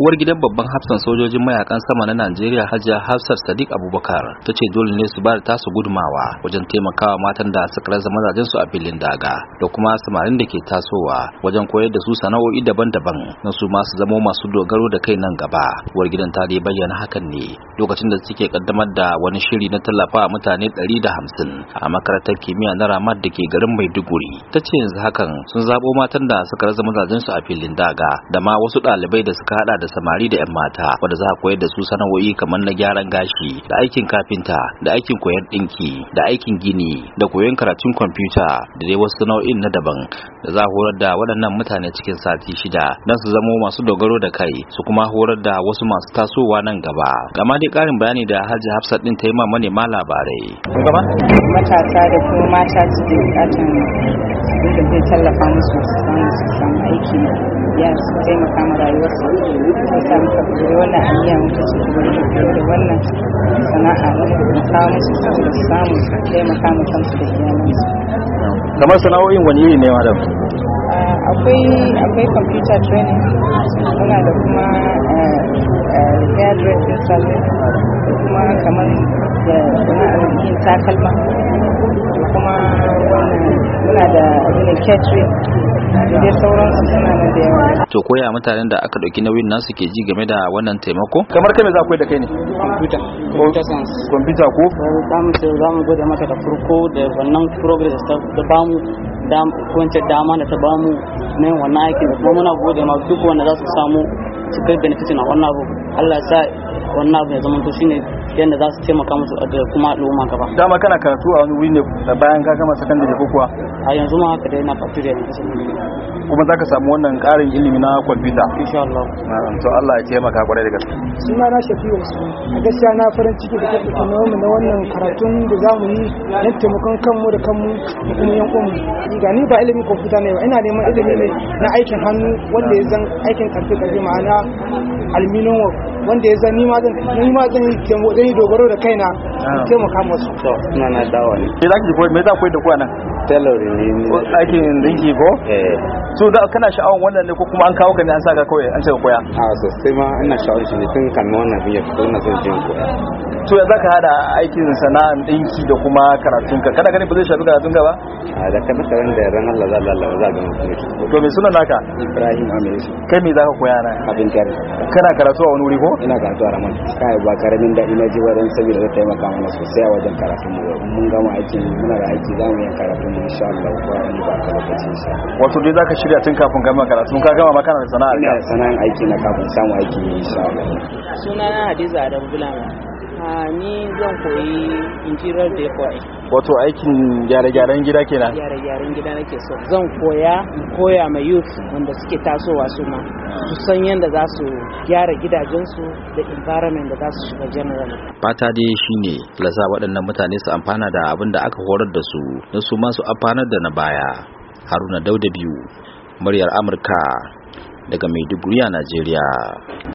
uwar gidan babban hafsan sojojin mayakan sama na Najeriya Hajiya Hafsat Sadiq Abubakar ta ce dole ne su bada tasu gudumawa wajen taimakawa matan da suka rasa mazajen su a filin daga da kuma samarin da ke tasowa wajen koyar da su sana'o'i daban-daban na su masu su zamo masu dogaro da kai nan gaba. Uwar gidan ta dai bayyana hakan ne lokacin da suke kaddamar da wani shiri na tallafa a mutane 150 a makarantar kimiyya na Ramat da ke garin Maiduguri. Ta ce yanzu hakan sun zabo matan da suka rasa mazajen su a filin daga da ma wasu ɗalibai da suka hada da samari da 'yan mata wanda za a koyar da su sana'o'i kamar na gyaran gashi da aikin kafinta da aikin koyar ɗinki da aikin gini da koyon karatun kwamfuta da dai wasu nau'in na daban da za a horar da waɗannan mutane cikin sati shida don su zamo masu dogaro da kai su kuma horar da wasu masu tasowa nan gaba gama dai ƙarin bayani da hajji hafsat ɗin ta yi ma manema labarai matasa da kuma mata su abin da zai tallafa musu su samu su samu aiki ya su taimaka ma rayuwarsu su samu kafa wannan aniya muka ce kuma da kuma da wannan sana'a mu kawo musu su samu su taimaka ma kansu da iyalansu kamar sana'o'in wani yi ne madam ah, akwai akwai computer training muna da kuma eh, eh, repair dressing service da kuma kamar da eh, sana'ar yin takalma kuma muna da irin catering to koya mutanen da aka dauki nauyin nasu ke ji game da wannan taimako kamar kai me za ku yi da kai ne computer computer ko za mu ce za mu gode maka da furko da wannan progress da ba mu wancan dama da ta ba mu na yin wannan aikin da kuma muna gode ma duk wanda za su samu su kai benefitin a wannan abu Allah ya sa wannan abu ya zama to shine yadda za su taimaka musu da kuma al'umma gaba dama kana karatu a wani wuri ne bayan ka gama sakandare ko kuwa a yanzu ma haka dai na factory ne kasan kuma za ka samu wannan karin ilimi na kwamfuta insha Allah to Allah ya kwarai da gaske suna na a gaskiya na farin da kake mu da za mu kwamfuta ne ba ina neman ilimi na aikin hannu wanda ya zan aikin karfe karfe ma'ana alminin wanda ya zan nima zan nima zan zan yi dogaro da kaina taimaka musu to ina na dawa ne me zaki koyi me za ku yi da ku nan tailor ne aikin dinki ko eh so da kana sha'awar wannan ne ko kuma an kawo ka ne an saka kawai an ce koya a sosai ma ina sha'awar shi ne tun kan wannan abin ko ina na son jin koya to ya zaka hada aikin sana'an dinki da kuma karatunka kada ne ba zai shafi karatunka ba a da kada karan da ran Allah za Allah za ga mutum to me sunan naka Ibrahim Amir kai me zaka koya na abin kare kana karatu a wani wuri ko ina karatu a Raman kai ba karamin da ina ji wurin saboda zai taimaka mana sosai a wajen karatu mu mun ga gama aiki muna da aiki za mu yi karatu mu insha Allah ba wani ba ka lokaci insha Allah wato dai zaka shirya tun kafin gama karatu ka gama ma kana da sana'a ina sana'an aiki na kafin samu aiki insha Allah sunana Hadiza Adam Bulama ni zan koyi interior decor wato aikin gyare-gyaren gida kenan gyare-gyaren gida nake so zan koya koya ma youth wanda suke tasowa su ma su san yadda za su gyara gidajensu da environment da za su shiga general fata dai shine lasa waɗannan mutane su amfana da abin da aka horar da su na su ma su amfanar da na baya haruna dauda biyu muryar amurka daga maiduguri a najeriya